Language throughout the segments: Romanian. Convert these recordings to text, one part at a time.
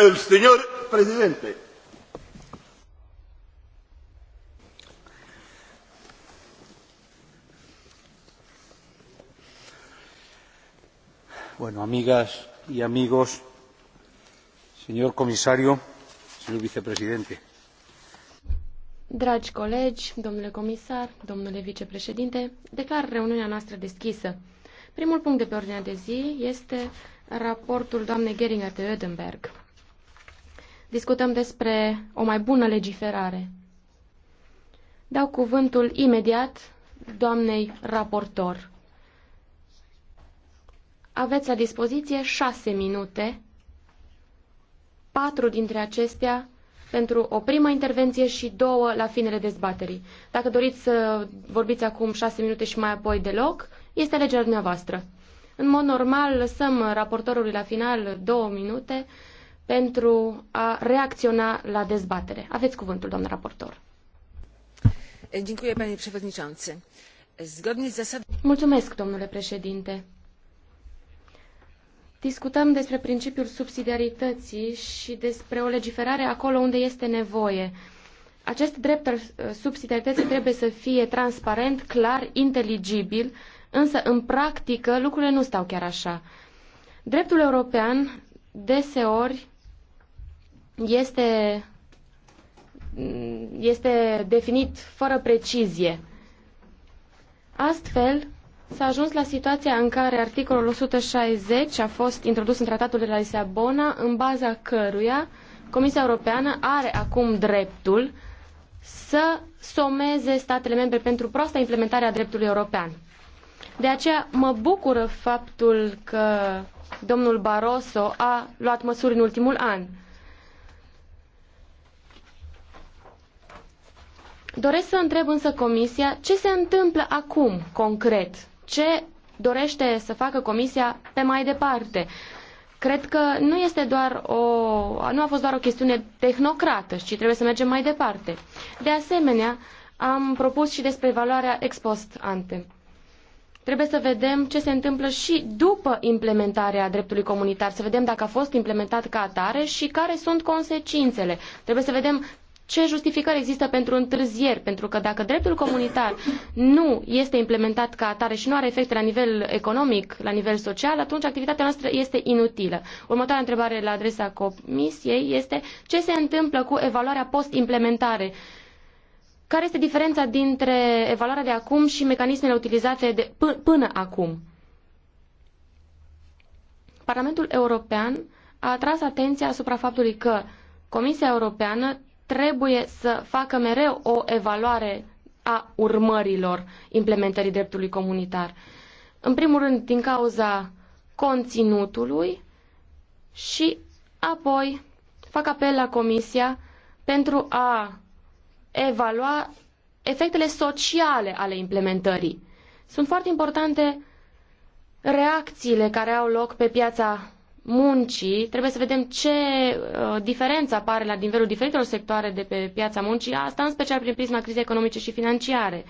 El señor presidente. Bueno, amigas y amigos, señor comisario, señor vicepresidente. Dragi colegi, domnule comisar, domnule vicepreședinte, declar reuniunea noastră deschisă. Primul punct de pe ordinea de zi este raportul doamnei Geringer de Oedenberg discutăm despre o mai bună legiferare. Dau cuvântul imediat doamnei raportor. Aveți la dispoziție șase minute, patru dintre acestea pentru o primă intervenție și două la finele dezbaterii. Dacă doriți să vorbiți acum șase minute și mai apoi deloc, este alegerea dumneavoastră. În mod normal, lăsăm raportorului la final două minute pentru a reacționa la dezbatere. Aveți cuvântul, doamnă raportor. Mulțumesc, domnule președinte. Discutăm despre principiul subsidiarității și despre o legiferare acolo unde este nevoie. Acest drept al uh, subsidiarității trebuie să fie transparent, clar, inteligibil, însă în practică lucrurile nu stau chiar așa. Dreptul european deseori este, este definit fără precizie. Astfel, s-a ajuns la situația în care articolul 160 a fost introdus în tratatul de la Lisabona, în baza căruia Comisia Europeană are acum dreptul să someze statele membre pentru proasta implementare a dreptului european. De aceea mă bucură faptul că domnul Barroso a luat măsuri în ultimul an. Doresc să întreb însă Comisia ce se întâmplă acum, concret? Ce dorește să facă Comisia pe mai departe? Cred că nu este doar o, nu a fost doar o chestiune tehnocrată, ci trebuie să mergem mai departe. De asemenea, am propus și despre valoarea ex post ante. Trebuie să vedem ce se întâmplă și după implementarea dreptului comunitar, să vedem dacă a fost implementat ca atare și care sunt consecințele. Trebuie să vedem ce justificări există pentru întârzieri, pentru că dacă dreptul comunitar nu este implementat ca atare și nu are efecte la nivel economic, la nivel social, atunci activitatea noastră este inutilă. Următoarea întrebare la adresa Comisiei este ce se întâmplă cu evaluarea post-implementare? Care este diferența dintre evaluarea de acum și mecanismele utilizate de, până acum? Parlamentul European a atras atenția asupra faptului că Comisia Europeană trebuie să facă mereu o evaluare a urmărilor implementării dreptului comunitar. În primul rând, din cauza conținutului și apoi fac apel la Comisia pentru a evalua efectele sociale ale implementării. Sunt foarte importante reacțiile care au loc pe piața muncii, trebuie să vedem ce uh, diferență apare la nivelul diferitelor sectoare de pe piața muncii, asta în special prin prisma crizei economice și financiare.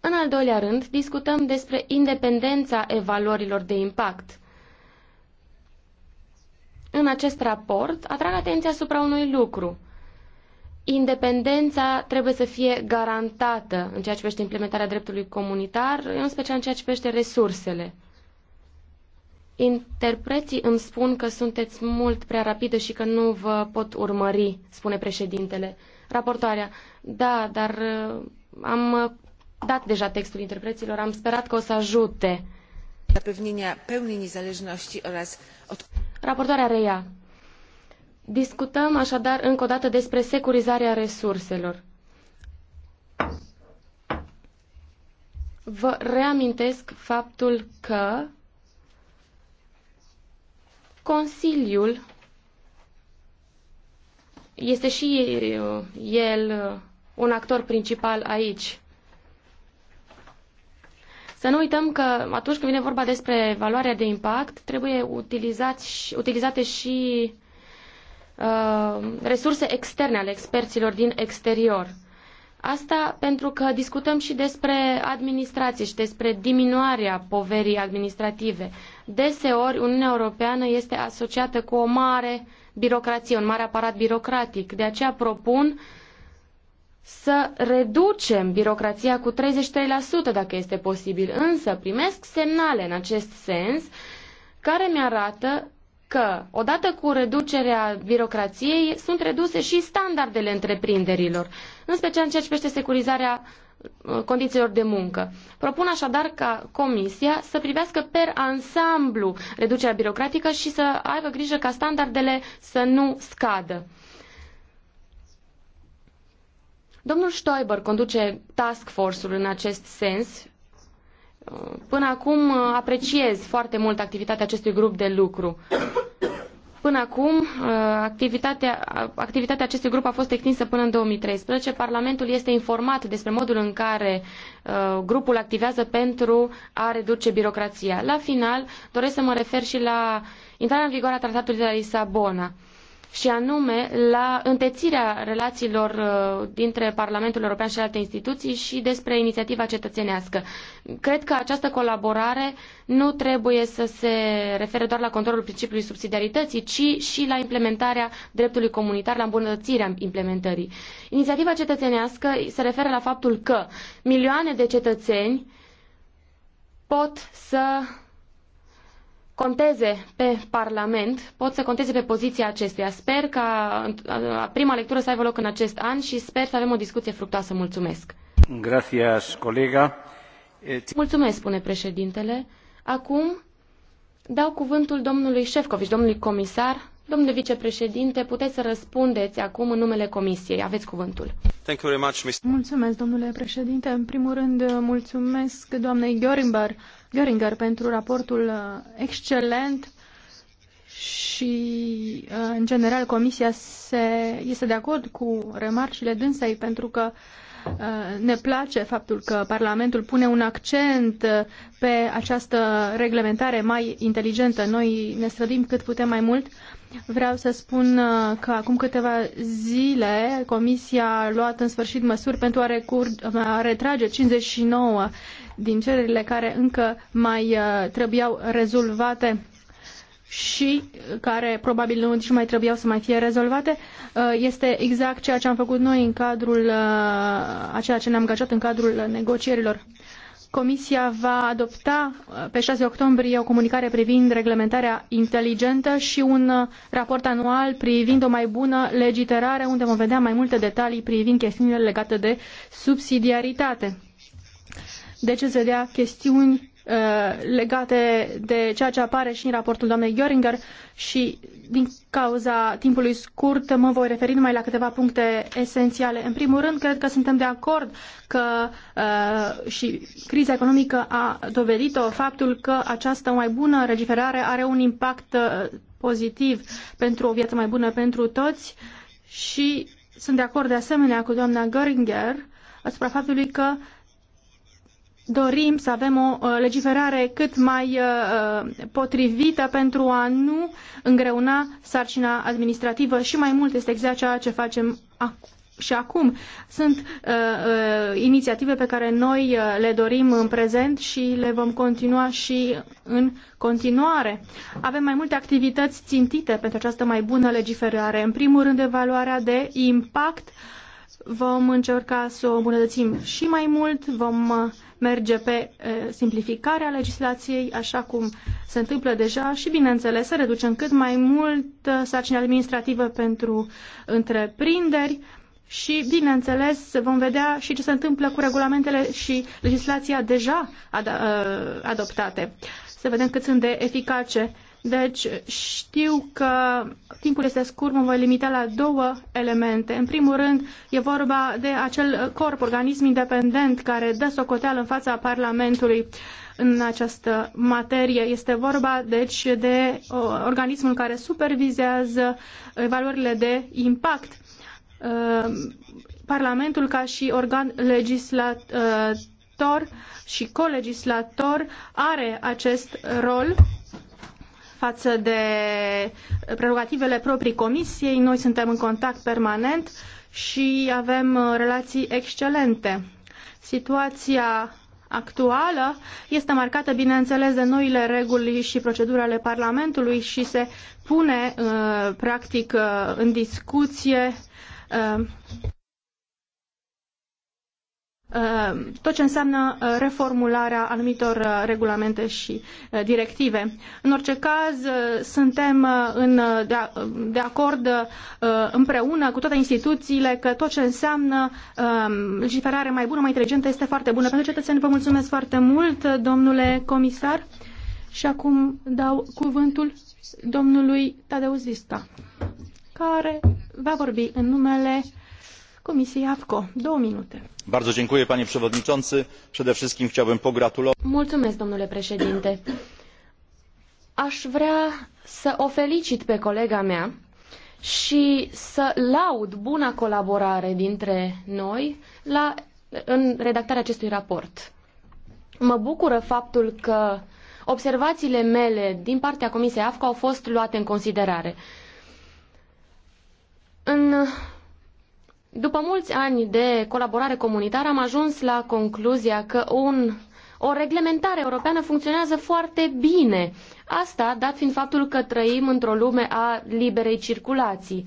În al doilea rând, discutăm despre independența evaluărilor de impact. În acest raport, atrag atenția asupra unui lucru. Independența trebuie să fie garantată în ceea ce privește implementarea dreptului comunitar, în special în ceea ce privește resursele. Interpreții îmi spun că sunteți mult prea rapidă și că nu vă pot urmări, spune președintele. Raportoarea, da, dar uh, am uh, dat deja textul interpreților, am sperat că o să ajute. Raportoarea reia. Discutăm așadar încă o dată despre securizarea resurselor. Vă reamintesc faptul că Consiliul este și uh, el uh, un actor principal aici. Să nu uităm că atunci când vine vorba despre valoarea de impact, trebuie utilizați, utilizate și uh, resurse externe ale experților din exterior. Asta pentru că discutăm și despre administrație și despre diminuarea poverii administrative. Deseori Uniunea Europeană este asociată cu o mare birocrație, un mare aparat birocratic. De aceea propun să reducem birocrația cu 33% dacă este posibil. Însă primesc semnale în acest sens care mi arată că, odată cu reducerea birocrației, sunt reduse și standardele întreprinderilor, în special în ceea ce privește securizarea uh, condițiilor de muncă. Propun așadar ca Comisia să privească per ansamblu reducerea birocratică și să aibă grijă ca standardele să nu scadă. Domnul Stoiber conduce task force-ul în acest sens Până acum uh, apreciez foarte mult activitatea acestui grup de lucru. Până acum, uh, activitatea, activitatea acestui grup a fost extinsă până în 2013. Parlamentul este informat despre modul în care uh, grupul activează pentru a reduce birocrația. La final, doresc să mă refer și la intrarea în vigoare a Tratatului de la Lisabona și anume la întețirea relațiilor uh, dintre Parlamentul European și alte instituții și despre inițiativa cetățenească. Cred că această colaborare nu trebuie să se refere doar la controlul principiului subsidiarității, ci și la implementarea dreptului comunitar, la îmbunătățirea implementării. Inițiativa cetățenească se referă la faptul că milioane de cetățeni pot să conteze pe Parlament, pot să conteze pe poziția acesteia. Sper ca uh, prima lectură să aibă loc în acest an și sper să avem o discuție fructoasă. Mulțumesc! Gracias, colega. Mulțumesc, spune președintele. Acum dau cuvântul domnului Șefcoviș, domnului comisar. Domnule vicepreședinte, puteți să răspundeți acum în numele Comisiei. Aveți cuvântul. Mulțumesc, domnule președinte. În primul rând, mulțumesc doamnei Gheorimbar Göringer pentru raportul uh, excelent și, uh, în general, Comisia se, este de acord cu remarcile dânsei pentru că uh, ne place faptul că Parlamentul pune un accent pe această reglementare mai inteligentă. Noi ne străduim cât putem mai mult. Vreau să spun că acum câteva zile Comisia a luat în sfârșit măsuri pentru a, recur, a retrage 59 din cererile care încă mai uh, trebuiau rezolvate și uh, care probabil nu nici mai trebuiau să mai fie rezolvate, uh, este exact ceea ce am făcut noi în cadrul, a ceea ce ne-am angajat în cadrul negocierilor. Comisia va adopta pe 6 octombrie o comunicare privind reglementarea inteligentă și un raport anual privind o mai bună legiterare, unde vom vedea mai multe detalii privind chestiunile legate de subsidiaritate ce îți dea chestiuni uh, legate de ceea ce apare și în raportul doamnei Göringer și din cauza timpului scurt mă voi referi numai la câteva puncte esențiale. În primul rând, cred că suntem de acord că uh, și criza economică a dovedit-o faptul că această mai bună regiferare are un impact uh, pozitiv pentru o viață mai bună pentru toți și sunt de acord de asemenea cu doamna Göringer asupra faptului că uh, dorim să avem o uh, legiferare cât mai uh, uh, potrivită pentru a nu îngreuna sarcina administrativă și mai mult este exact ceea ce facem acum și acum sunt uh, uh, inițiative pe care noi uh, le dorim în prezent și le vom continua și în continuare. Avem mai multe activități țintite pentru această mai bună legiferare. În primul rând, evaluarea de impact. Vom încerca să o îmbunătățim și mai mult, vom uh, merge pe eh, simplificarea legislației, așa cum se întâmplă deja și, bineînțeles, să reducem cât mai mult eh, sarcina administrativă pentru întreprinderi și, bineînțeles, vom vedea și ce se întâmplă cu regulamentele și legislația deja ad eh, adoptate. Să vedem cât sunt de eficace deci știu că timpul este scurt, mă voi limita la două elemente. În primul rând, e vorba de acel corp, organism independent care dă socoteală în fața Parlamentului în această materie. Este vorba, deci, de uh, organismul care supervizează evaluările de impact. Uh, Parlamentul, ca și organ legislator și colegislator, are acest rol față de prerogativele proprii comisiei. Noi suntem în contact permanent și avem uh, relații excelente. Situația actuală este marcată, bineînțeles, de noile reguli și proceduri ale Parlamentului și se pune, uh, practic, uh, în discuție Uh, tot ce înseamnă uh, reformularea anumitor uh, regulamente și directive. În orice caz, suntem în, de acord împreună cu toate instituțiile că tot ce înseamnă um, legiferare mai bună, mai inteligentă, este foarte bună. Pentru cetățeni vă mulțumesc foarte mult, domnule comisar. Și acum dau cuvântul domnului Tadeusz Visca, care va vorbi în numele Comisiei AFCO. Două minute. Bardzo dziękuję, panie przewodniczący. Przede wszystkim chciałbym pogratulować. Mulțumesc, domnule președinte. Aș vrea să o felicit pe colega mea și să laud buna colaborare dintre noi la, în redactarea acestui raport. Mă bucură faptul că observațiile mele din partea Comisiei AFCO au fost luate în considerare. În după mulți ani de colaborare comunitară am ajuns la concluzia că un, o reglementare europeană funcționează foarte bine. Asta dat fiind faptul că trăim într-o lume a liberei circulații.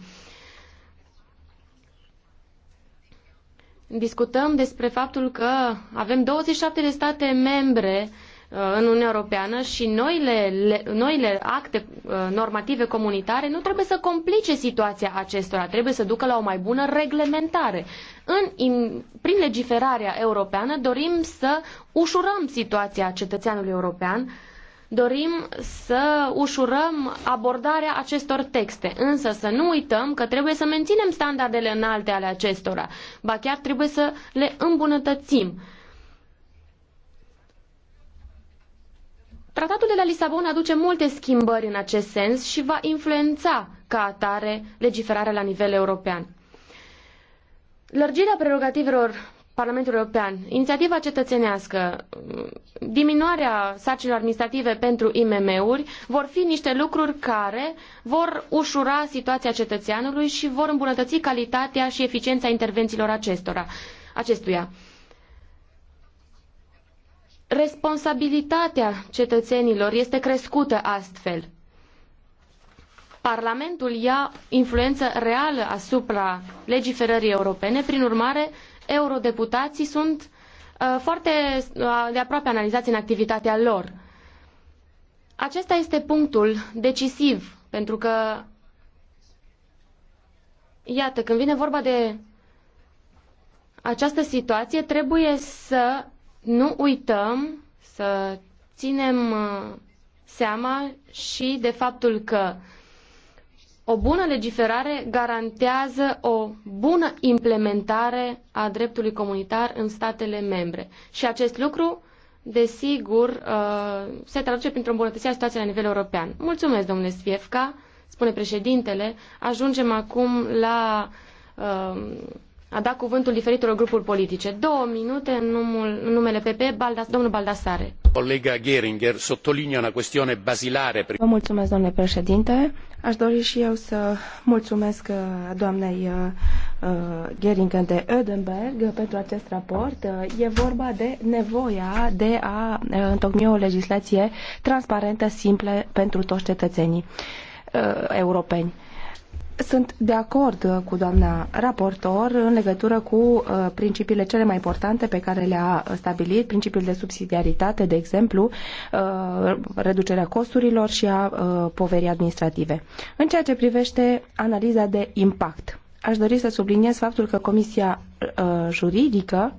Discutăm despre faptul că avem 27 de state membre uh, Uh, în Uniunea Europeană și noile, le, noile acte uh, normative comunitare nu trebuie să complice situația acestora, trebuie să ducă la o mai bună reglementare. În, in, prin legiferarea europeană dorim să ușurăm situația cetățeanului european, dorim să ușurăm abordarea acestor texte, însă să nu uităm că trebuie să menținem standardele înalte ale acestora, ba chiar trebuie să le îmbunătățim. Tratatul de la Lisabona aduce multe schimbări în acest sens și va influența ca atare legiferarea la nivel european. Lărgirea prerogativelor Parlamentului European, inițiativa cetățenească, diminuarea sarcinilor administrative pentru IMM-uri vor fi niște lucruri care vor ușura situația cetățeanului și vor îmbunătăți calitatea și eficiența intervențiilor acestora, acestuia. Responsabilitatea cetățenilor este crescută astfel. Parlamentul ia influență reală asupra legiferării europene, prin urmare, eurodeputații sunt uh, foarte uh, de aproape analizați în activitatea lor. Acesta este punctul decisiv, pentru că, iată, când vine vorba de această situație, trebuie să nu uităm să ținem uh, seama și de faptul că o bună legiferare garantează o bună implementare a dreptului comunitar în statele membre. Și acest lucru, desigur, uh, se traduce printr-o îmbunătățire a situației la nivel european. Mulțumesc, domnule Sfiefca, spune președintele. Ajungem acum la uh, a dat cuvântul diferitelor grupuri politice. Două minute în, numul, în numele PP, Baldas, domnul Baldasare. Colega Geringer sottolinea una chestiune basilare. Vă mulțumesc, domnule președinte. Aș dori și eu să mulțumesc uh, doamnei uh, uh, Geringer de Ödenberg pentru acest raport. E vorba de nevoia de a întocmi o legislație transparentă, simplă pentru toți cetățenii europeni sunt de acord uh, cu doamna raportor în legătură cu uh, principiile cele mai importante pe care le-a uh, stabilit, principiul de subsidiaritate, de exemplu, reducerea costurilor și a poverii administrative. În ceea ce privește analiza de impact, aș dori să subliniez faptul că Comisia Juridică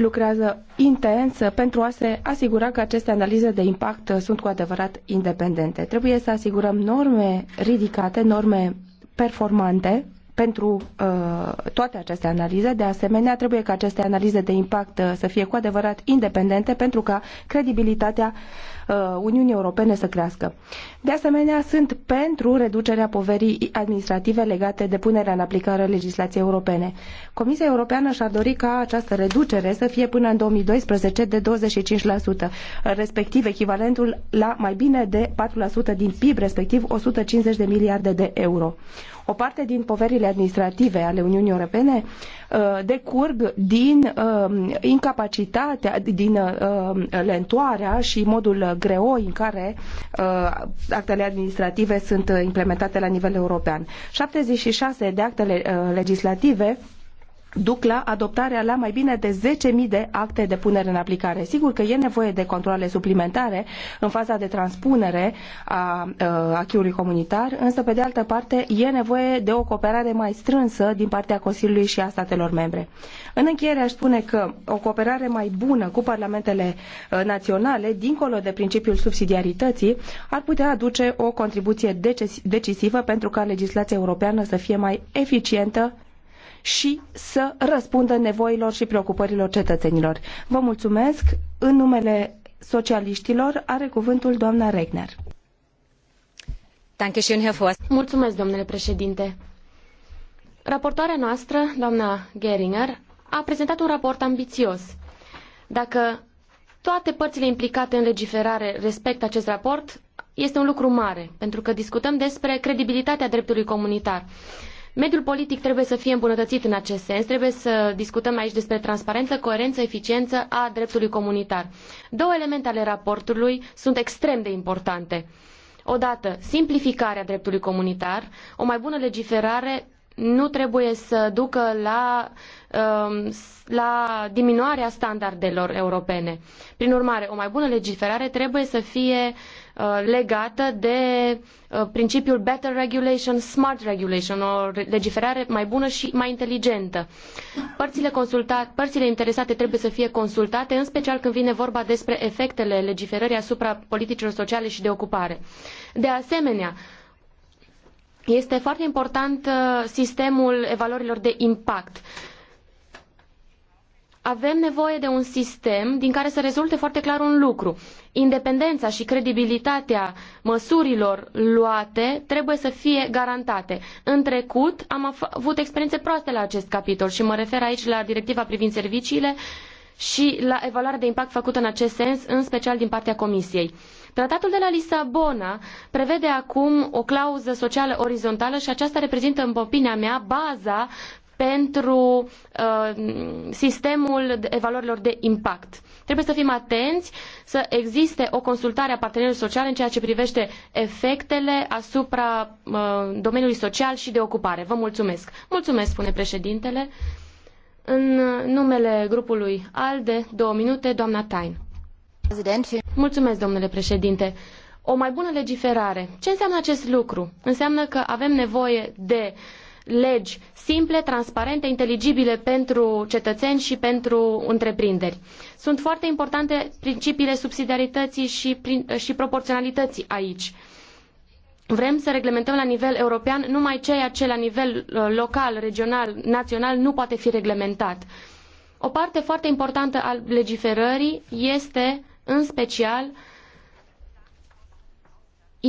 lucrează intens pentru a se asigura că aceste analize de impact sunt cu adevărat independente. Trebuie să asigurăm norme ridicate, norme performante pentru uh, toate aceste analize. De asemenea, trebuie ca aceste analize de impact uh, să fie cu adevărat independente pentru ca credibilitatea uh, Uniunii Europene să crească. De asemenea, sunt pentru reducerea poverii administrative legate de punerea în aplicare a legislației europene. Comisia Europeană și-ar dori ca această reducere să fie până în 2012 de 25%, respectiv echivalentul la mai bine de 4% din PIB, respectiv 150 de miliarde de euro. O parte din poverile administrative ale Uniunii Europene uh, decurg din uh, incapacitatea, din uh, lentoarea și modul greoi în care actele administrative sunt implementate la nivel european. 76 de actele legislative duc la adoptarea la mai bine de 10.000 de acte de punere în aplicare. Sigur că e nevoie de controle suplimentare în faza de transpunere a ă, acquis comunitar, însă pe de altă parte e nevoie de o cooperare mai strânsă din partea Consiliului și a statelor membre. În încheiere aș spune că o cooperare mai bună cu parlamentele ă, naționale, dincolo de principiul subsidiarității, ar putea aduce o contribuție decisivă pentru ca legislația europeană să fie mai eficientă și să răspundă nevoilor și preocupărilor cetățenilor. Vă mulțumesc. În numele socialiștilor are cuvântul doamna Regner. Mulțumesc, domnule președinte. Raportoarea noastră, doamna Geringer, a prezentat un raport ambițios. Dacă toate părțile implicate în legiferare respectă acest raport, este un lucru mare, pentru că discutăm despre credibilitatea dreptului comunitar. Mediul politic trebuie să fie îmbunătățit în acest sens. Trebuie să discutăm aici despre transparență, coerență, eficiență a dreptului comunitar. Două elemente ale raportului sunt extrem de importante. Odată, simplificarea dreptului comunitar, o mai bună legiferare nu trebuie să ducă la, um, la diminuarea standardelor europene. Prin urmare, o mai bună legiferare trebuie să fie uh, Uh, legată de uh, principiul better regulation, smart regulation, o legiferare mai bună și mai inteligentă. Părțile, consultat, părțile interesate trebuie să fie consultate, în special când vine vorba despre efectele legiferării asupra politicilor sociale și de ocupare. De asemenea, este foarte important uh, sistemul evaluărilor de impact avem nevoie de un sistem din care să rezulte foarte clar un lucru. Independența și credibilitatea măsurilor luate trebuie să fie garantate. În trecut am avut experiențe proaste la acest capitol și mă refer aici la directiva privind serviciile și la evaluarea de impact făcută în acest sens, în special din partea Comisiei. Tratatul de la Lisabona prevede acum o clauză socială orizontală și aceasta reprezintă, în opinia mea, baza pentru uh, sistemul evaluărilor de impact. Trebuie să fim atenți să existe o consultare a partenerilor sociale în ceea ce privește efectele asupra uh, domeniului social și de ocupare. Vă mulțumesc. Mulțumesc, spune președintele. În numele grupului ALDE, două minute, doamna Tain. Mulțumesc, domnule președinte. O mai bună legiferare. Ce înseamnă acest lucru? Înseamnă că avem nevoie de uh, legi simple, transparente, inteligibile pentru cetățeni și pentru întreprinderi. Sunt foarte importante principiile subsidiarității și, prin, și proporționalității aici. Vrem să reglementăm la nivel european numai ceea ce la nivel uh, local, regional, național nu poate fi reglementat. O parte foarte importantă a legiferării este, în special, uh,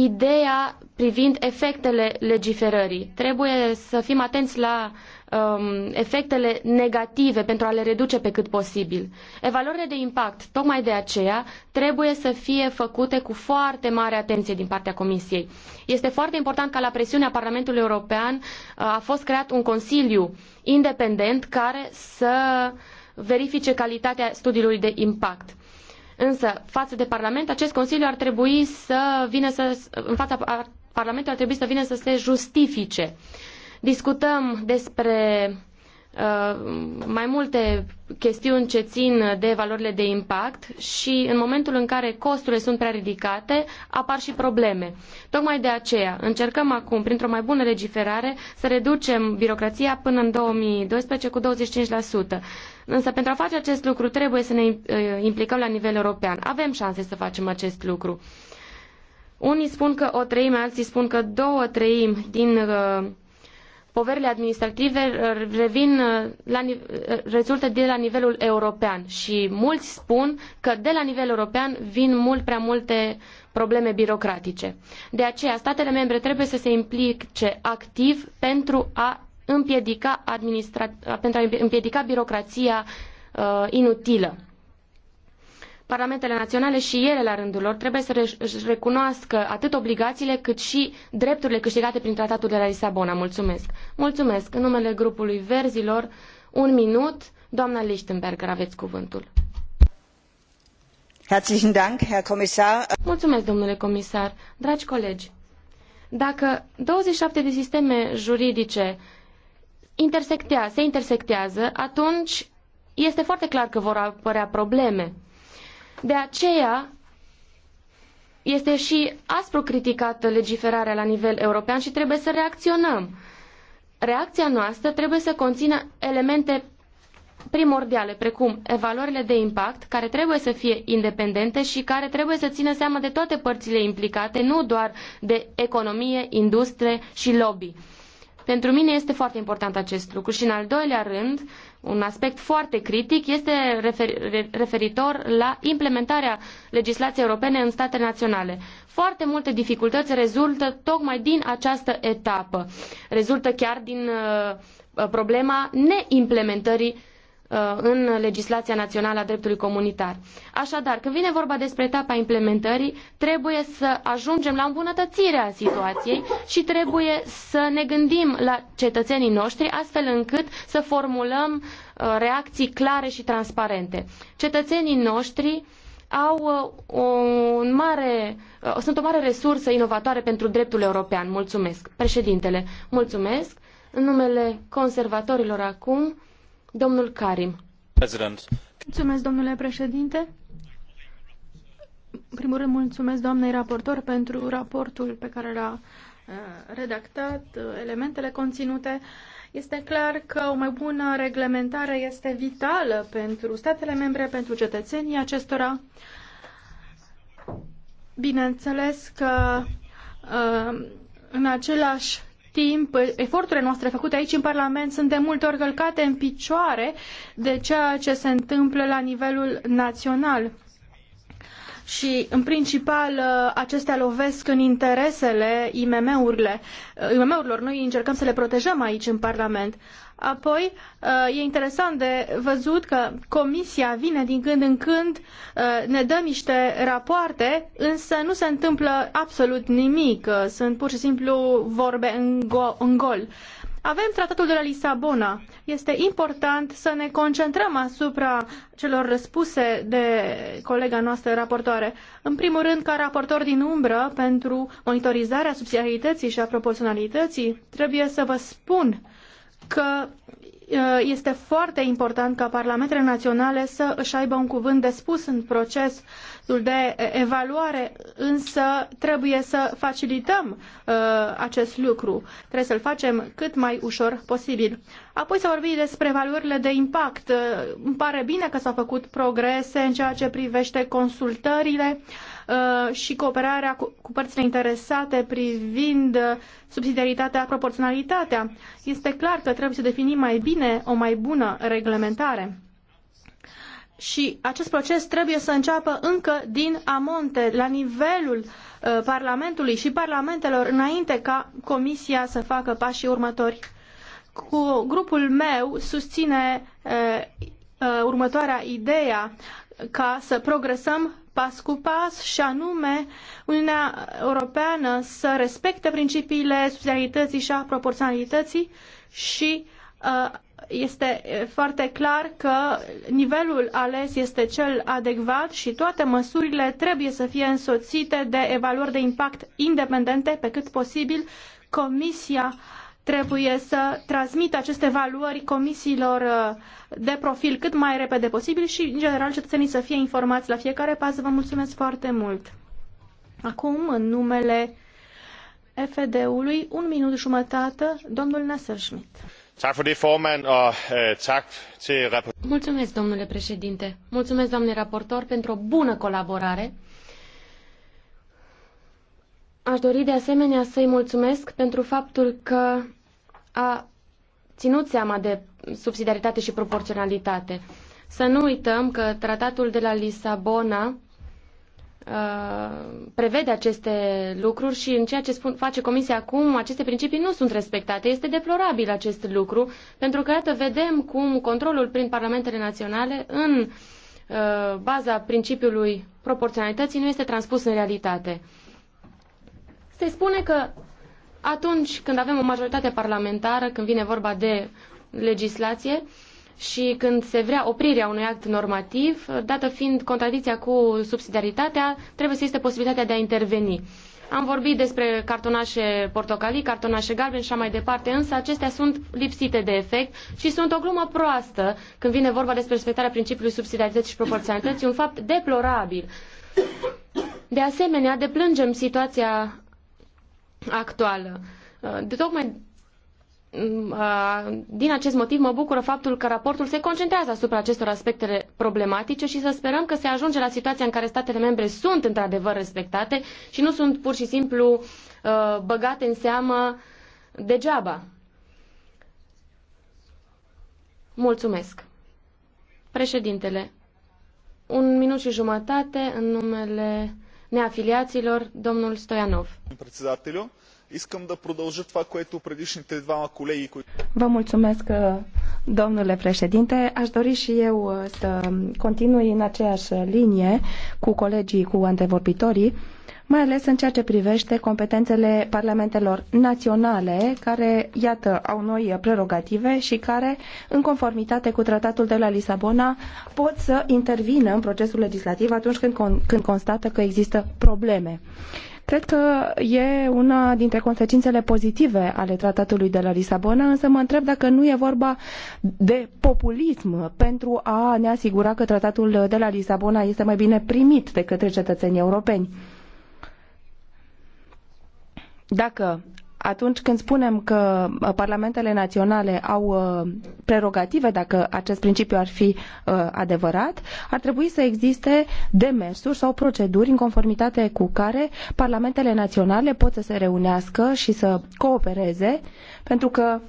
ideea privind efectele legiferării. Trebuie să fim atenți la um, efectele negative pentru a le reduce pe cât posibil. Evaluările de impact, tocmai de aceea, trebuie să fie făcute cu foarte mare atenție din partea Comisiei. Este foarte important ca la presiunea Parlamentului European uh, a fost creat un consiliu independent care să verifice calitatea studiului de impact. Însă, față de Parlament, acest Consiliu ar trebui să vină să, în fața Parlamentului ar trebui să vină să se justifice. Discutăm despre Uh, mai multe chestiuni ce țin de valorile de impact și în momentul în care costurile sunt prea ridicate, apar și probleme. Tocmai de aceea încercăm acum, printr-o mai bună legiferare, să reducem birocrația până în 2012 cu 25%. Însă pentru a face acest lucru trebuie să ne uh, implicăm la nivel european. Avem șanse să facem acest lucru. Unii spun că o treime, alții spun că două treimi din uh, poverile administrative uh, revin uh, la, uh, rezultă de la nivelul european și mulți spun că de la nivel european vin mult prea multe probleme birocratice. De aceea, statele membre trebuie să se implice activ pentru a împiedica, administra- pentru a împiedica birocrația uh, inutilă. Parlamentele naționale și ele, la rândul lor, trebuie să își recunoască atât obligațiile cât și drepturile câștigate prin tratatul de la Lisabona. Mulțumesc! Mulțumesc! În numele grupului Verzilor, un minut, doamna Lichtenberger, aveți cuvântul. Herzlichen Dank, Herr Kommissar. Mulțumesc, domnule comisar. Dragi colegi, dacă 27 de sisteme juridice intersectează, se intersectează, atunci este foarte clar că vor apărea probleme. De aceea este și aspru criticată legiferarea la nivel european și trebuie să reacționăm. Reacția noastră trebuie să conțină elemente primordiale, precum evaluările de impact, care trebuie să fie independente și care trebuie să țină seama de toate părțile implicate, nu doar de economie, industrie și lobby. Pentru mine este foarte important acest lucru și în al doilea rând un aspect foarte critic este referitor la implementarea legislației europene în state naționale. Foarte multe dificultăți rezultă tocmai din această etapă. Rezultă chiar din uh, problema neimplementării Uh, în legislația națională a dreptului comunitar. Așadar, când vine vorba despre etapa implementării, trebuie să ajungem la îmbunătățirea situației și trebuie să ne gândim la cetățenii noștri astfel încât să formulăm uh, reacții clare și transparente. Cetățenii noștri au uh, un mare, sunt o mare resursă inovatoare pentru dreptul european. Mulțumesc. Președintele, mulțumesc. În numele conservatorilor acum, Domnul Karim. Mulțumesc, domnule președinte. În primul rând, mulțumesc doamnei raportor pentru raportul pe care l-a uh, redactat, uh, elementele conținute. Este clar că o mai bună reglementare este vitală pentru statele membre, pentru cetățenii acestora. Bineînțeles că uh, în același timp, eforturile noastre făcute aici în Parlament sunt de multe ori călcate în picioare de ceea ce se întâmplă la nivelul național. Și, în principal, acestea lovesc în interesele IMM-urilor. Uh, IMM-urilor. Noi încercăm să le protejăm aici, în Parlament. Apoi, uh, e interesant de văzut că comisia vine din când în când, uh, ne dă niște rapoarte, însă nu se întâmplă absolut nimic. Uh, sunt pur și simplu vorbe în gol. Avem tratatul de la Lisabona. Este important să ne concentrăm asupra celor răspuse de colega noastră raportoare. În primul rând, ca raportor din umbră pentru monitorizarea subsidiarității și a proporționalității, trebuie să vă spun că este foarte important ca parlamentele naționale să își aibă un cuvânt de spus în proces de evaluare, însă trebuie să facilităm uh, acest lucru. Trebuie să-l facem cât mai ușor posibil. Apoi s-a vorbit despre valorile de impact. Uh, îmi pare bine că s-au făcut progrese în ceea ce privește consultările și cooperarea cu, cu părțile interesate privind subsidiaritatea, proporționalitatea. Este clar că trebuie să definim mai bine o mai bună reglementare și acest proces trebuie să înceapă încă din amonte, la nivelul uh, Parlamentului și Parlamentelor, înainte ca Comisia să facă pașii următori. Cu grupul meu susține uh, uh, următoarea idee, ca să progresăm pas cu pas și anume Uniunea Europeană să respecte principiile subsidiarității și a proporționalității și uh, este foarte clar că nivelul ales este cel adecvat și toate măsurile trebuie să fie însoțite de evaluări de impact independente pe cât posibil. Comisia trebuie să transmită aceste valori comisiilor de profil cât mai repede posibil și, în general, cetățenii să fie informați la fiecare pas. Vă mulțumesc foarte mult! Acum, în numele FD-ului, un minut jumătate, domnul Nasser Schmidt. Øh, mulțumesc, domnule președinte. Mulțumesc, doamne raportor, pentru o bună colaborare. Aș dori de asemenea să-i mulțumesc pentru faptul că a ținut seama de subsidiaritate și proporționalitate. Să nu uităm că tratatul de la Lisabona Uh, prevede aceste lucruri și în ceea ce spun, face Comisia acum, aceste principii nu sunt respectate. Este deplorabil acest lucru, pentru că, iată, vedem cum controlul prin parlamentele naționale, în uh, baza principiului proporționalității, nu este transpus în realitate. Se spune că atunci când avem o majoritate parlamentară, când vine vorba de legislație, uh, și când se vrea oprirea unui act normativ, dată fiind contradicția cu subsidiaritatea, trebuie să existe posibilitatea de a interveni. Am vorbit despre cartonașe portocalii, cartonașe galben și așa mai departe, însă acestea sunt lipsite de efect și sunt o glumă proastă când vine vorba despre respectarea principiului subsidiarității și proporționalității, un fapt deplorabil. De asemenea, deplângem situația actuală. De tocmai Mm, din acest motiv mă bucură faptul că raportul se concentrează asupra acestor aspecte problematice și să sperăm că se ajunge la situația în care statele membre sunt într-adevăr respectate și nu sunt pur și simplu uh, băgate în seamă degeaba. Mulțumesc. Președintele, un minut și jumătate în numele neafiliaților, domnul Stoianov. Искам да продължа това, което предишните двама колеги... Vă mulțumesc, uh, domnule președinte. Aș dori și eu uh, să continui în aceeași linie cu colegii, cu antevorbitorii mai ales în ceea ce privește competențele parlamentelor naționale, care, iată, au noi prerogative și care, în conformitate cu tratatul de la Lisabona, pot să intervină în procesul legislativ atunci când, când constată că există probleme. Uh, Cred că e una dintre consecințele pozitive ale tratatului de la Lisabona, însă mă întreb dacă nu e vorba de populism pentru a ne asigura că tratatul de la Lisabona este mai bine primit de către cetățenii europeni. Dacă atunci când spunem că uh, parlamentele naționale au uh, prerogative, dacă acest principiu ar fi uh, adevărat, ar trebui să existe demersuri sau proceduri în conformitate cu care parlamentele naționale pot să se reunească și să coopereze, pentru că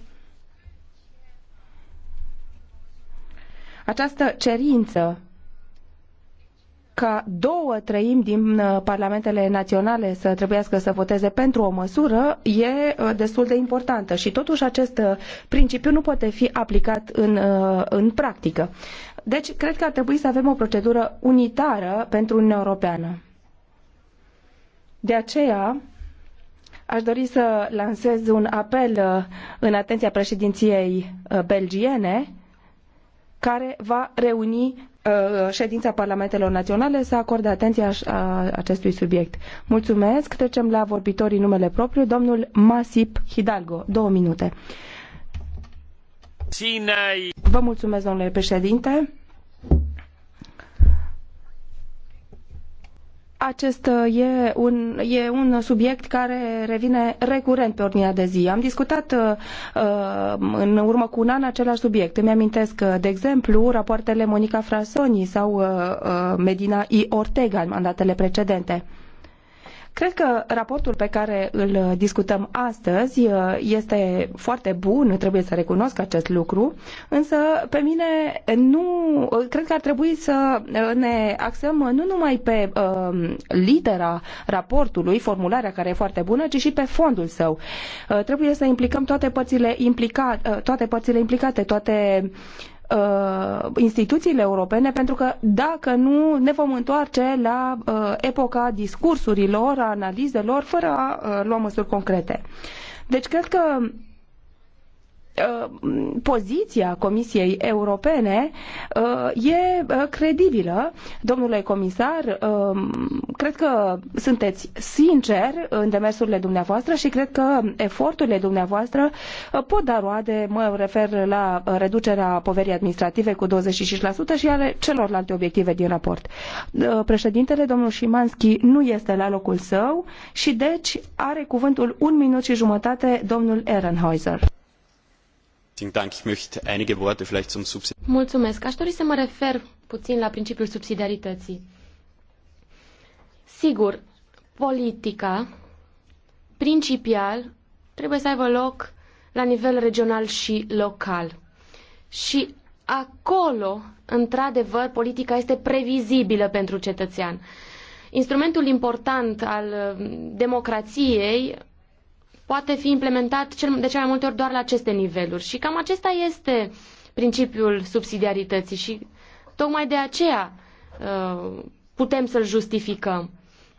această cerință ca două treimi din uh, parlamentele naționale să trebuiască să voteze pentru o măsură e uh, destul de importantă și totuși acest uh, principiu nu poate fi aplicat în, în practică. Deci, cred că ar trebui să avem o procedură unitară pentru Uniunea Europeană. De aceea, aș dori să lansez un apel în atenția președinției belgiene care va reuni uh, ședința Parlamentelor Naționale să acorde atenția acestui subiect. Mulțumesc. Trecem la vorbitorii numele propriu. Domnul Masip Hidalgo. Două minute. Vă mulțumesc, domnule președinte. acest uh, e un, e un subiect care revine recurent pe ordinea de zi. Am discutat uh, uh în urmă cu un an același subiect. Îmi amintesc, uh, de exemplu, rapoartele Monica Frasoni sau uh, Medina I. Ortega în mandatele precedente. Cred că raportul pe care îl discutăm astăzi uh, este foarte bun, trebuie să recunosc acest lucru, însă pe mine nu, uh, cred că ar trebui să uh, ne axăm nu numai pe uh, litera raportului, formularea care e foarte bună, ci și pe fondul său. Uh, trebuie să implicăm toate părțile, implica, uh, toate părțile implicate, toate uh, uh, instituțiile europene, pentru că dacă nu ne vom întoarce la uh, epoca discursurilor, a analizelor, fără a uh, lua măsuri concrete. Deci cred că Uh, poziția Comisiei Europene uh, e uh, credibilă. Domnule comisar, um, cred că sunteți sincer în demersurile dumneavoastră și cred că eforturile dumneavoastră pot da roade, mă refer la reducerea poverii administrative cu 25% și ale celorlalte obiective din raport. Președintele, domnul Șimanski, nu este la locul său și deci are cuvântul un minut și jumătate domnul Ehrenhäuser. Mulțumesc. Aș dori să mă refer puțin la principiul subsidiarității. Sigur, politica, principial, trebuie să aibă loc la nivel regional și local. Și acolo, într-adevăr, politica este previzibilă pentru cetățean. Instrumentul important al uh, democrației poate fi implementat de cele mai multe ori doar la aceste niveluri. Și cam acesta este principiul subsidiarității și tocmai de aceea uh, putem să-l justificăm.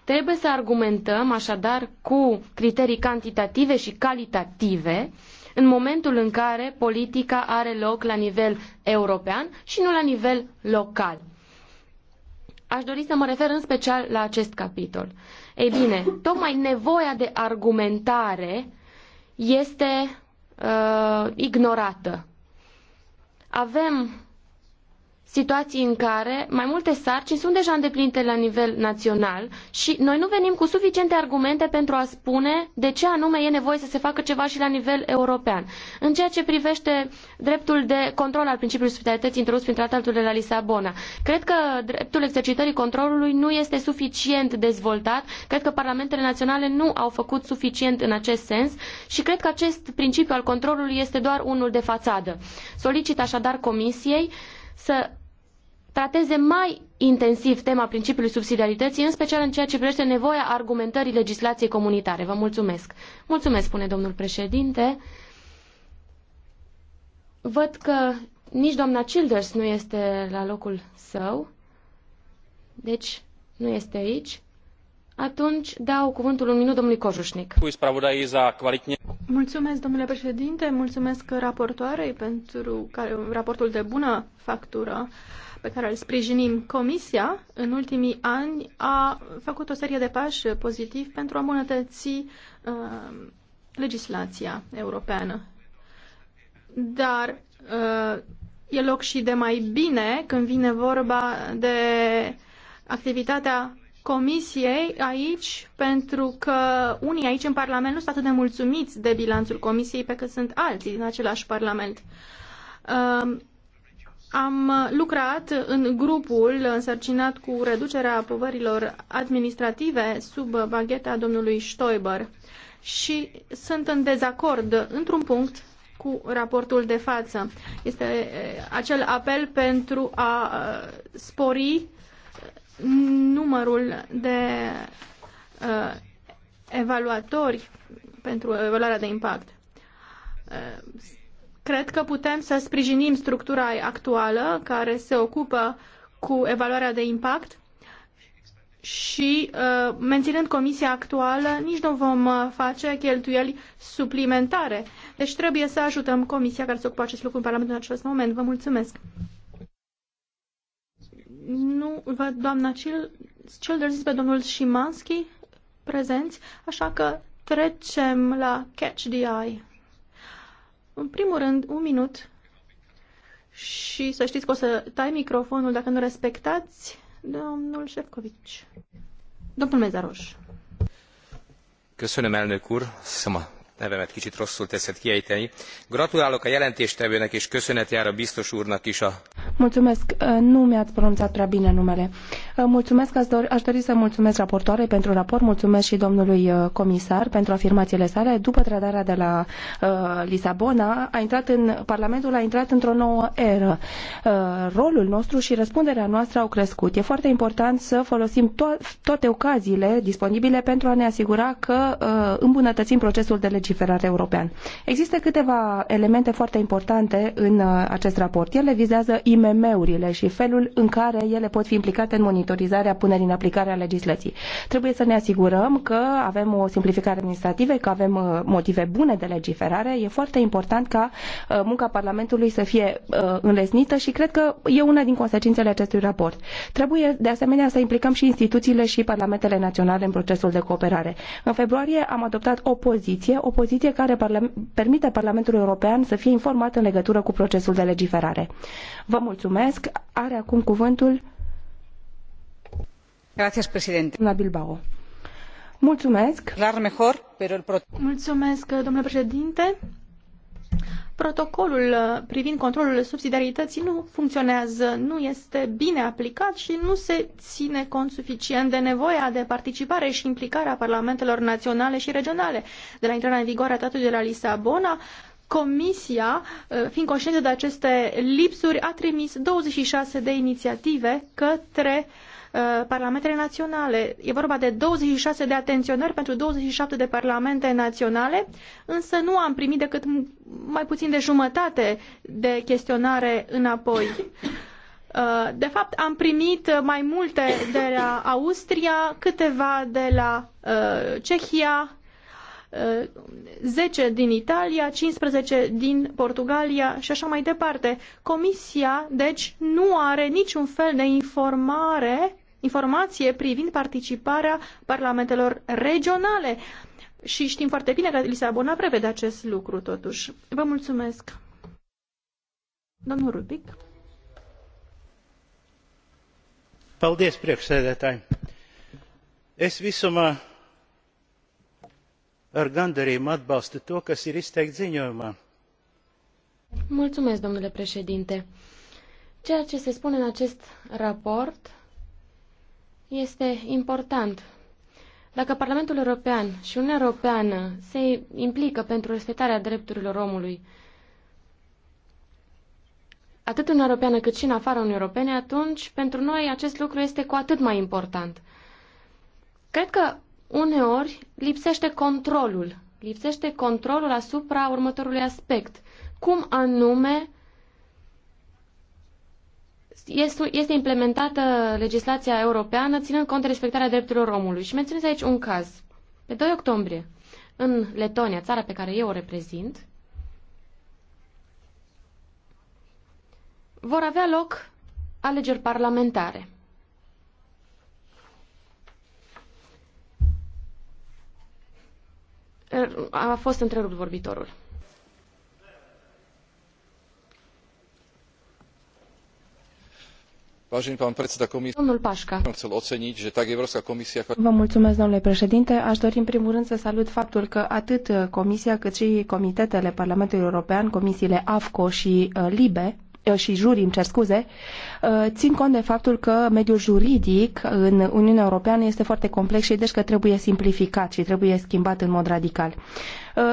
Trebuie să argumentăm așadar cu criterii cantitative și calitative în momentul în care politica are loc la nivel european și nu la nivel local. Aș dori să mă refer în special la acest capitol. Ei bine, tocmai nevoia de argumentare este uh, ignorată. Avem situații în care mai multe sarcini sunt deja îndeplinite la nivel național și noi nu venim cu suficiente argumente pentru a spune de ce anume e nevoie să se facă ceva și la nivel european. În ceea ce privește dreptul de control al principiului subsidiarității introdus prin tratatul de la Lisabona, cred că dreptul exercitării controlului nu este suficient dezvoltat, cred că parlamentele naționale nu au făcut suficient în acest sens și cred că acest principiu al controlului este doar unul de fațadă. Solicit așadar Comisiei să trateze mai intensiv tema principiului subsidiarității, în special în ceea ce privește nevoia argumentării legislației comunitare. Vă mulțumesc. Mulțumesc, spune domnul președinte. Văd că nici doamna Childers nu este la locul său, deci nu este aici. Atunci dau cuvântul un minut domnului Cojușnic. Mulțumesc, domnule președinte, mulțumesc raportoarei pentru raportul de bună factură pe care îl sprijinim. Comisia, în ultimii ani, a făcut o serie de pași pozitivi pentru a îmbunătăți uh, legislația europeană. Dar uh, e loc și de mai bine când vine vorba de activitatea Comisiei aici, pentru că unii aici în Parlament nu sunt atât de mulțumiți de bilanțul Comisiei pe cât sunt alții din același Parlament. Uh, am lucrat în grupul însărcinat cu reducerea povărilor administrative sub bagheta domnului Stoiber și sunt în dezacord într-un punct cu raportul de față. Este acel apel pentru a spori numărul de evaluatori pentru evaluarea de impact Cred că putem să sprijinim structura actuală care se ocupă cu evaluarea de impact și uh, menținând comisia actuală, nici nu vom uh, face cheltuieli suplimentare. Deci trebuie să ajutăm comisia care se ocupă acest lucru în Parlament în acest moment. Vă mulțumesc. Nu văd doamna Childers pe domnul Șimanski prezenți, așa că trecem la Catch the Eye. În primul rând, un minut și să știți că o să tai microfonul dacă nu respectați domnul Șefcovici. Domnul Mezaroș. Köszönöm, elnök úr. Szama nevemet kicsit rosszul teszed kiejteni. Gratulálok a jelentéstevőnek, és köszönet jár a biztos úrnak is a... Mulțumesc, nu mi-ați pronunțat prea bine numele. Mulțumesc, aș dori să mulțumesc raportoare pentru raport, mulțumesc și domnului uh, comisar pentru afirmațiile sale. După trădarea de la uh, Lisabona, a intrat în, Parlamentul a intrat într-o nouă eră. Uh, rolul nostru și răspunderea noastră au crescut. E foarte important să folosim to- toate ocaziile disponibile pentru a ne asigura că îmbunătățim procesul de legiferare european. Există câteva elemente foarte importante în acest raport. Ele vizează IMM-urile și felul în care ele pot fi implicate în monitorizare monitorizarea punerii în aplicare a legislației. Trebuie să ne asigurăm că avem o simplificare administrativă, că avem uh, motive bune de legiferare. E foarte important ca uh, munca Parlamentului să fie uh, înlesnită și cred că e una din consecințele acestui raport. Trebuie de asemenea să implicăm și instituțiile și parlamentele naționale în procesul de cooperare. În februarie am adoptat o poziție, o poziție care permite Parlamentului European să fie informat în legătură cu procesul de legiferare. Vă mulțumesc. Are acum cuvântul Gracias, presidente. Doamna Bilbao. Protocolul privind controlul subsidiarității nu funcționează, nu este bine aplicat și nu se ține cont suficient de nevoia de participare și implicare a parlamentelor naționale și regionale. De la intrarea în vigoare a tratatului de la Lisabona, Comisia, fiind conștientă de aceste lipsuri, a trimis 26 de inițiative către uh, Uh, parlamentele naționale. E vorba de 26 de atenționări pentru 27 de parlamente naționale, însă nu am primit decât mai puțin de jumătate de chestionare înapoi. Uh, de fapt, am primit mai multe de la Austria, câteva de la uh, Cehia, 10 din Italia, 15 din Portugalia și așa mai departe. Comisia, deci, nu are niciun fel de informare informație privind participarea parlamentelor regionale. Și știm foarte bine că Lisabona prevede acest lucru, totuși. Vă mulțumesc. Domnul Rubic. Paldies, priekšsēdētāji. Es visumā ar gandarījumu atbalstu to, kas ir izteikts ziņojumā. Mulțumesc, domnule președinte. Ceea ce se spune în acest raport este important. Dacă Parlamentul European și Uniunea Europeană se implică pentru respectarea drepturilor omului, atât în Uniunea Europeană cât și în afara Uniunii Europene, atunci pentru noi acest lucru este cu atât mai important. Cred că uneori lipsește controlul, lipsește controlul asupra următorului aspect. Cum anume este implementată legislația europeană ținând cont de respectarea drepturilor omului. Și menționez aici un caz. Pe 2 octombrie, în Letonia, țara pe care eu o reprezint, vor avea loc alegeri parlamentare. Er, a fost întrerupt vorbitorul. chcel oceniť že tak európska komisia a dori în primul rând să salut faptul că atât comisia cât i comitetele parlamentului european comisiile afco i uh, libe Eh, și jurii, îmi cer scuze, eh, țin cont de faptul că mediul juridic în Uniunea Europeană este foarte complex și deci că trebuie simplificat și trebuie schimbat în mod radical.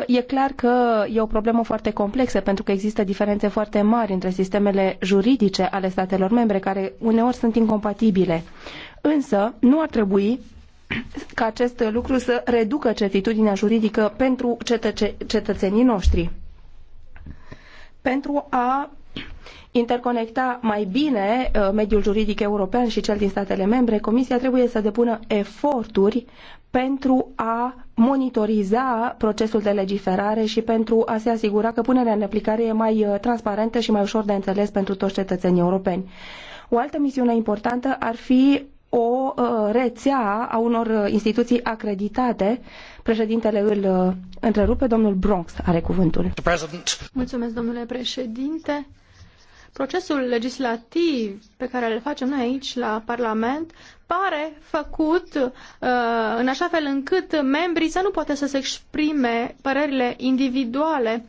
Eh, e clar că e o problemă foarte complexă pentru că există diferențe foarte mari între sistemele juridice ale statelor membre care uneori sunt incompatibile. Însă nu ar trebui ca acest lucru să reducă certitudinea juridică pentru cetățenii noștri pentru a interconecta mai bine uh, mediul juridic european și cel din statele membre, Comisia trebuie să depună eforturi pentru a monitoriza procesul de legiferare și pentru a se asigura că punerea în aplicare e mai uh, transparentă și mai ușor de înțeles pentru toți cetățenii europeni. O altă misiune importantă ar fi o uh, rețea a unor instituții acreditate. Președintele îl întrerupe, domnul Bronx are cuvântul. Mulțumesc, domnule președinte procesul legislativ pe care îl facem noi aici la Parlament pare făcut uh, în așa fel încât membrii să nu poată să se exprime părerile individuale.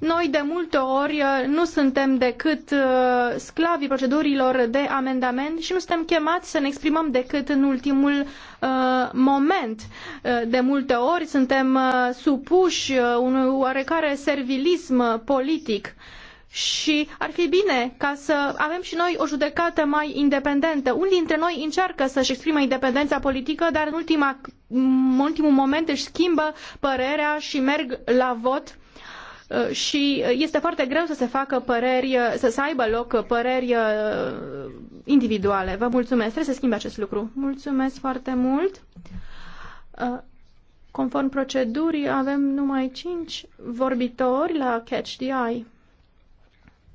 Noi de multe ori uh, nu suntem decât uh, sclavii procedurilor de amendament și nu suntem chemați să ne exprimăm decât în ultimul uh, moment. Uh, de multe ori suntem uh, supuși unui oarecare servilism politic. Uh, și ar fi bine ca să avem și noi o judecată mai independentă. Unii dintre noi încearcă să-și exprime independența politică, dar în, ultima, în ultimul moment își schimbă părerea și merg la vot uh, și este foarte greu să se facă păreri, uh, să, să aibă loc păreri uh, individuale. Vă mulțumesc. Trebuie să schimbe acest lucru. Mulțumesc foarte mult. Conform procedurii, avem numai cinci vorbitori la Catch the Eye.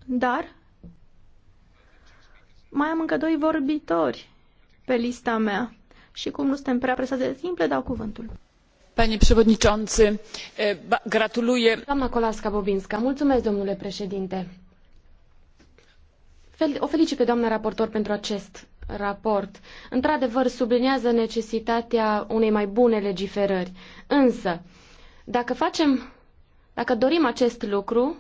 Dar mai am încă doi vorbitori pe lista mea și cum nu suntem prea presați de timp, le dau cuvântul. Panie przewodniczący, gratuluję. Doamna Kolaska-Bobinska, mulțumesc, domnule președinte. O felicit pe doamna raportor pentru acest raport. Într-adevăr, subliniază necesitatea unei mai bune legiferări. Însă, dacă facem, dacă dorim acest lucru,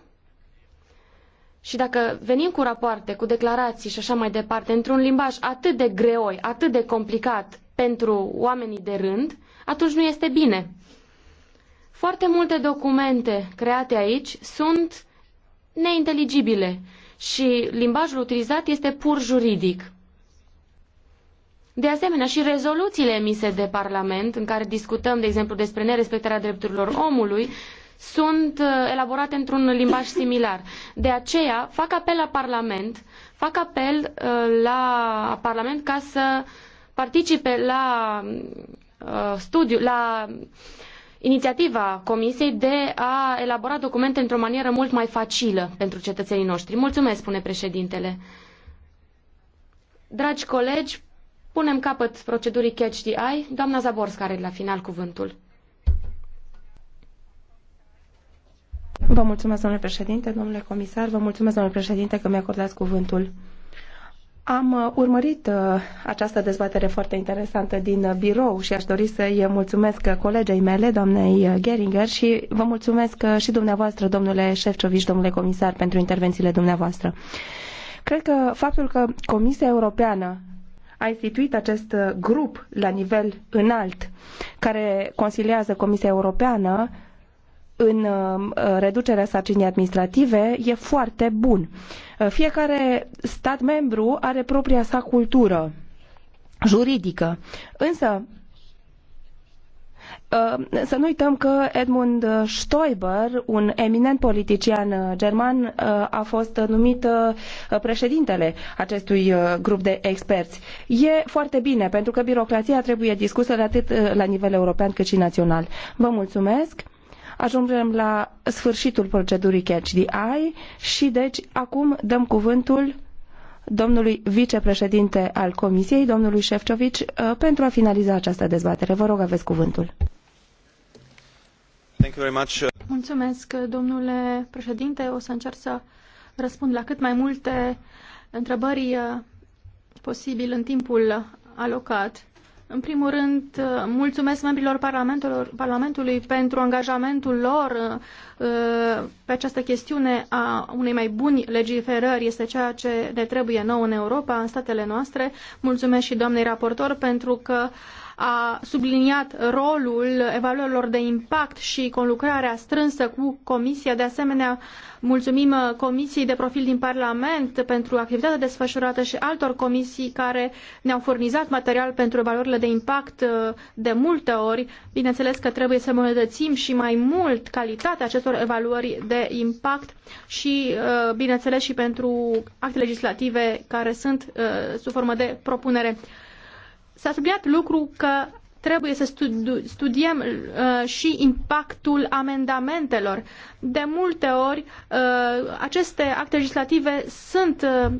și dacă venim cu rapoarte, cu declarații și așa mai departe, într-un limbaj atât de greoi, atât de complicat pentru oamenii de rând, atunci nu este bine. Foarte multe documente create aici sunt neinteligibile și limbajul utilizat este pur juridic. De asemenea, și rezoluțiile emise de Parlament, în care discutăm, de exemplu, despre nerespectarea drepturilor omului, sunt uh, elaborate într-un limbaj similar. De aceea fac apel la Parlament, fac apel uh, la Parlament ca să participe la uh, studiu, la inițiativa Comisiei de a elabora documente într-o manieră mult mai facilă pentru cetățenii noștri. Mulțumesc, spune președintele. Dragi colegi, punem capăt procedurii Catch the Eye. Doamna Zaborska are la final cuvântul. Vă mulțumesc, domnule președinte, domnule comisar, vă mulțumesc, domnule președinte, că mi-acordați cuvântul. Am uh, urmărit uh, această dezbatere foarte interesantă din uh, birou și aș dori să-i mulțumesc colegei mele, doamnei Geringer, și vă mulțumesc și dumneavoastră, domnule Șefcioviș, domnule comisar, pentru intervențiile dumneavoastră. Cred că faptul că Comisia Europeană a instituit acest grup la nivel înalt care consiliază Comisia Europeană în uh, uh, reducerea sarcinii administrative e foarte bun. Uh, fiecare stat membru are propria sa cultură juridică. Însă, să nu uităm că Edmund Stoiber, un eminent politician german, a fost numit președintele acestui grup de experți. E foarte bine, pentru că birocrația trebuie discusă atât la nivel european cât și național. Vă mulțumesc! ajungem la sfârșitul procedurii Catch the Eye și deci acum dăm cuvântul domnului vicepreședinte al Comisiei, domnului Șefcovici, uh, pentru a finaliza această dezbatere. Vă rog, aveți cuvântul. Mulțumesc, domnule președinte. O să încerc să răspund la cât mai multe întrebări uh, posibil în timpul alocat. În primul rând, uh, mulțumesc membrilor Parlamentului pentru angajamentul lor uh, pe această chestiune a unei mai buni legiferări. Este ceea ce ne trebuie nouă în Europa, în statele noastre. Mulțumesc și doamnei raportor pentru că a subliniat rolul evaluărilor de impact și conlucrarea strânsă cu Comisia. De asemenea, mulțumim Comisiei de Profil din Parlament pentru activitatea desfășurată și altor comisii care ne-au furnizat material pentru evaluările de impact de multe ori. Bineînțeles că trebuie să îmbunătățim și mai mult calitatea acestor evaluări de impact și, bineînțeles, și pentru acte legislative care sunt uh, sub formă de propunere. S-a subliniat lucru că trebuie să studi studiem uh, și impactul amendamentelor. De multe ori, uh, aceste acte legislative sunt uh,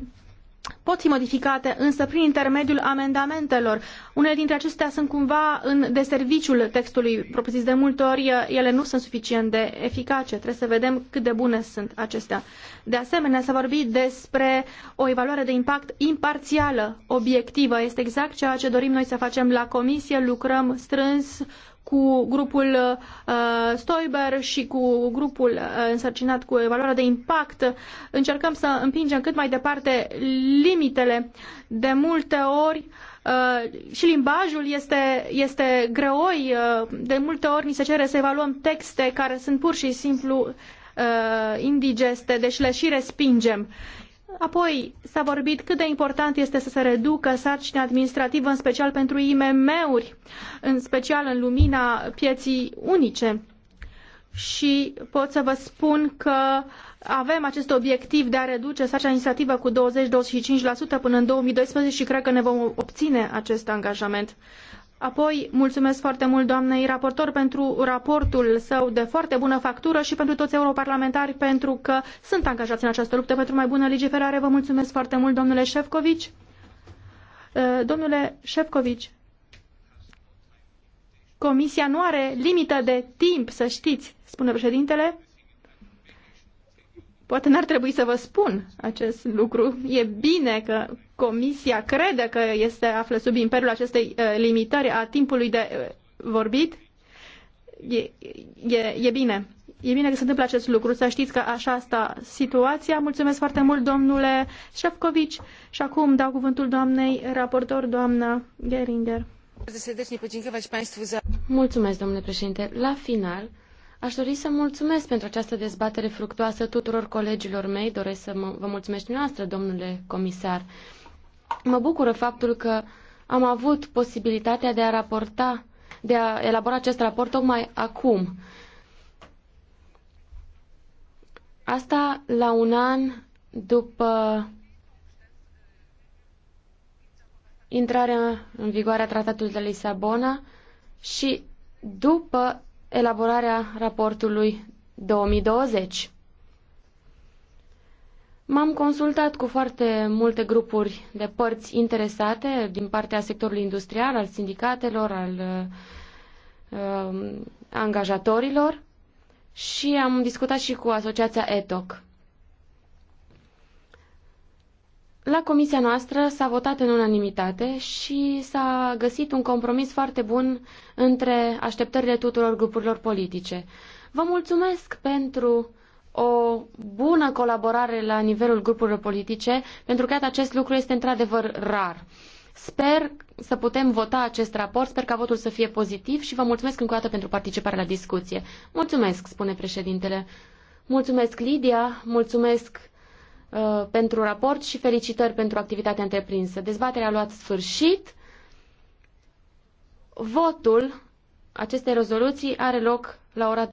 pot fi modificate, însă prin intermediul amendamentelor. Unele dintre acestea sunt cumva în deserviciul textului propriu-zis. De multe ori ele nu sunt suficient de eficace. Trebuie să vedem cât de bune sunt acestea. De asemenea, s-a vorbit despre o evaluare de impact imparțială, obiectivă. Este exact ceea ce dorim noi să facem la comisie. Lucrăm strâns cu grupul uh, Stoiber și cu grupul uh, însărcinat cu evaluarea de impact, încercăm să împingem cât mai departe limitele. De multe ori uh, și limbajul este, este greoi, uh, de multe ori ni se cere să evaluăm texte care sunt pur și simplu uh, indigeste, deci le și respingem. Apoi s-a vorbit cât de important este să se reducă sarcina administrativă, în special pentru IMM-uri, în special în lumina pieții unice. Și pot să vă spun că avem acest obiectiv de a reduce sarcina administrativă cu 20-25% până în 2012 și cred că ne vom obține acest angajament. Apoi, mulțumesc foarte mult doamnei raportor pentru raportul său de foarte bună factură și pentru toți europarlamentari pentru că sunt angajați în această luptă pentru mai bună legiferare. Vă mulțumesc foarte mult, domnule Șefcovici. Uh, domnule Șefcovici, Comisia nu are limită de timp, să știți, spune președintele. Poate n-ar trebui să vă spun acest lucru. E bine că Comisia crede că este află sub imperiul acestei uh, limitări a timpului de uh, vorbit, e, e, e bine. E bine că se întâmplă acest lucru. Să știți că așa asta situația. Mulțumesc foarte mult, domnule Șefcovici. Și acum dau cuvântul doamnei raportor, doamna Geringer. Mulțumesc, domnule președinte. La final, Aș dori să mulțumesc pentru această dezbatere fructuoasă tuturor colegilor mei. Doresc să vă mulțumesc noastră, domnule comisar. Mă bucură faptul că am avut posibilitatea de a raporta, de a elabora acest raport tocmai acum. Asta la un an după intrarea în vigoare a Tratatului de Lisabona și după elaborarea raportului 2020. M-am consultat cu foarte multe grupuri de părți interesate din partea sectorului industrial, al sindicatelor, al uh, angajatorilor și am discutat și cu asociația ETOC. La comisia noastră s-a votat în unanimitate și s-a găsit un compromis foarte bun între așteptările tuturor grupurilor politice. Vă mulțumesc pentru o bună colaborare la nivelul grupurilor politice, pentru că acest lucru este într-adevăr rar. Sper să putem vota acest raport, sper ca votul să fie pozitiv și vă mulțumesc încă o dată pentru participarea la discuție. Mulțumesc, spune președintele. Mulțumesc, Lidia, mulțumesc uh, pentru raport și felicitări pentru activitatea întreprinsă. Dezbaterea a luat sfârșit. Votul acestei rezoluții are loc la ora